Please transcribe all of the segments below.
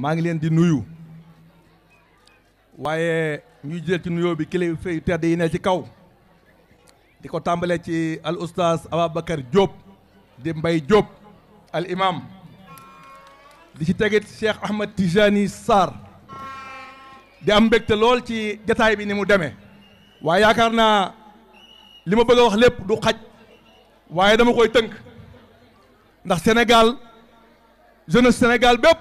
maa ngi leen di nuyu waaye ñuy jël ci nuyoo bi kilifa yu tedd yi ne ci kaw di ko tàmbalee ci al oustaz Ababacar Diop di mbay Diop al imam di ci tegit Cheikh Ahmed Tijani Sarr di am mbégte lool ci jataay bi ni mu demee waaye yaakaar naa li ma bëgg a wax lépp du xaj waaye dama koy tënk ndax Sénégal jeunesse Sénégal bépp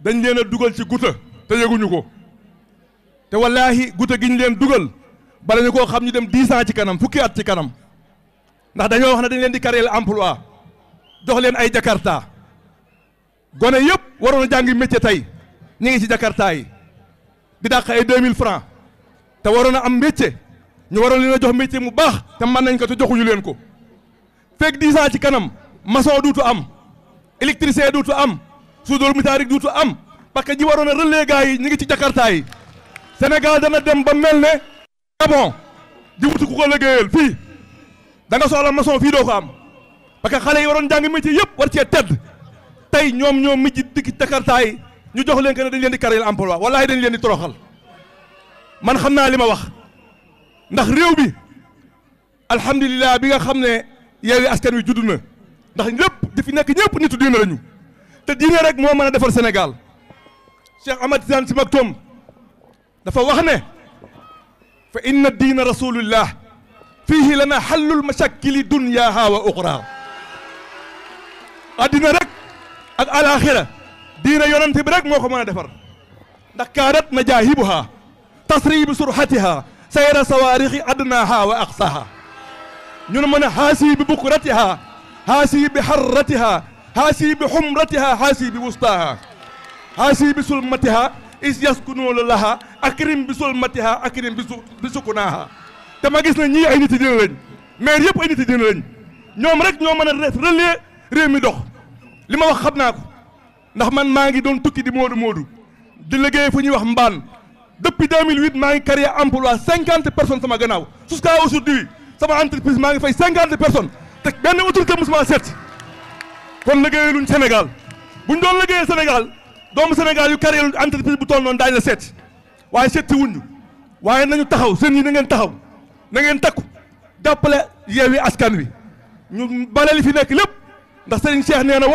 dañ leen a dugal ci guta te yëguñu ko te wallaahi guta gi ñu leen dugal bala ñu koo xam ñu dem dix ans ci kanam fukki at ci kanam ndax dañoo wax ne dañ leen di carrière emploi jox leen ay jakarta gone yëpp waroon a jàngi métier tey ñu ngi ci jakarta yi di dàq ay deux mille francs te waroon a am métier ñu waroon leen jox métier mu baax te mën nañ ko te joxuñu leen ko fekk dix ans ci kanam maçon duutu am électricien duutu am soudeur métallique duutu am parce que ñi waroon a relais gars yi ñu ngi ci Jakarta yi Sénégal dana dem ba mel ne Gabon di wutu ku ko liggéeyal fii da nga soxla maçon fii doo ko am parce que xale yi waroon jàng ci yëpp war cee tedd tey ñoom ñoom mijji dikk Jakarta yi ñu jox leen que ne dañ leen di créer emploi wallaahi dañ leen di man xam naa li ma wax ndax réew bi alhamdulilah bi nga xam ne yeewi askan wi judd na ndax lépp di nek nekk ñëpp nitu diine lañu te diine rek mo meuna defal Sénégal Cheikh Ahmad zian ci Maktoum dafa wax ne fa inna diina rasulullah fihi lana xallul mashakili dunyaha wa ukhra adina rek ak al akhirah diina yonante bi rek moko meuna defar ndax karat majahibha tasrib surhatiha sayra sawarikh adnaha wa aqsaha ñu meuna hasib xaasi haasi bi harratiha haasi bi humratiha haasi bi wustaha haasi bi sulmatiha is yaskunoolu laha akrim bi sulmatiha akrim bi su bi sukunaaha te ma gis na ñii ay nit yi dina lañ maire yëpp ay nit yi dina lañ ñoom rek ñoo mën a relais réew mi dox li ma wax xam naa ko ndax man maa ngi doon tukki di moodu moodu di liggéey fu ñuy wax mbaan depuis 2008 maa ngi créé emploi 50 personnes sama gannaaw jusqu'à aujourd'hui sama entreprise maa ngi fay 50 personnes teg benn autorité musuma seet kon liggéeyaluñ Sénégal buñ doon liggéeyee Sénégal doomu Sénégal yu créé entreprise bu toll noonu la seet waaye seet wuñu waaye nañu taxaw seen yi na ngeen taxaw na ngeen takku jàppale Yewwi Askan Wi ñu bale fi nekk lépp ndax Serigne Cheikh nee na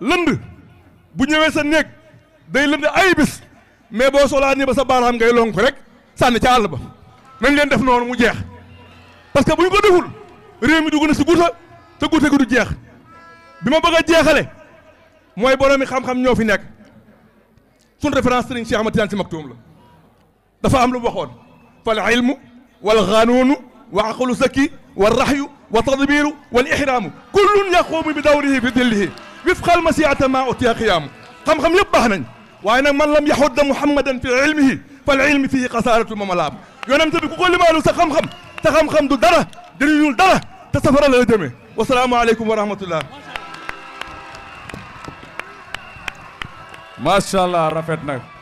lënd bu ñëwee sa néeg day lënd ay bis mais boo soxlaa nii ba sa baaraam ngay lonk rek sànni ca àll ba nañ leen def noonu mu jeex parce que bu ko deful. réew mi dugg na si guuta te guuta gi du jeex bi ma bëgg a jeexale mooy boroomi xam-xam ñoo fi nekk suñ référence sëriñ Cheikh Ahmad Tidiane Sy Maktoum la dafa am lu waxoon fal ilmu wal xanuunu wa aqlu zaki wa raxyu wa tadbiru wal ihraamu kullun yaqumu bi dawrihi fi dillihi wifqal masiata ma utiya qiyam xam-xam yëpp baax nañ waaye nag man lam yaxudda muhammadan fi ilmihi fal ilmi fihi qasaratu mamalaam yonente bi ku ko limaalu sa xam-xam te xam-xam du dara dañu ñul dara تسافر الأدمي والسلام عليكم ورحمة الله ما شاء الله رفعتنا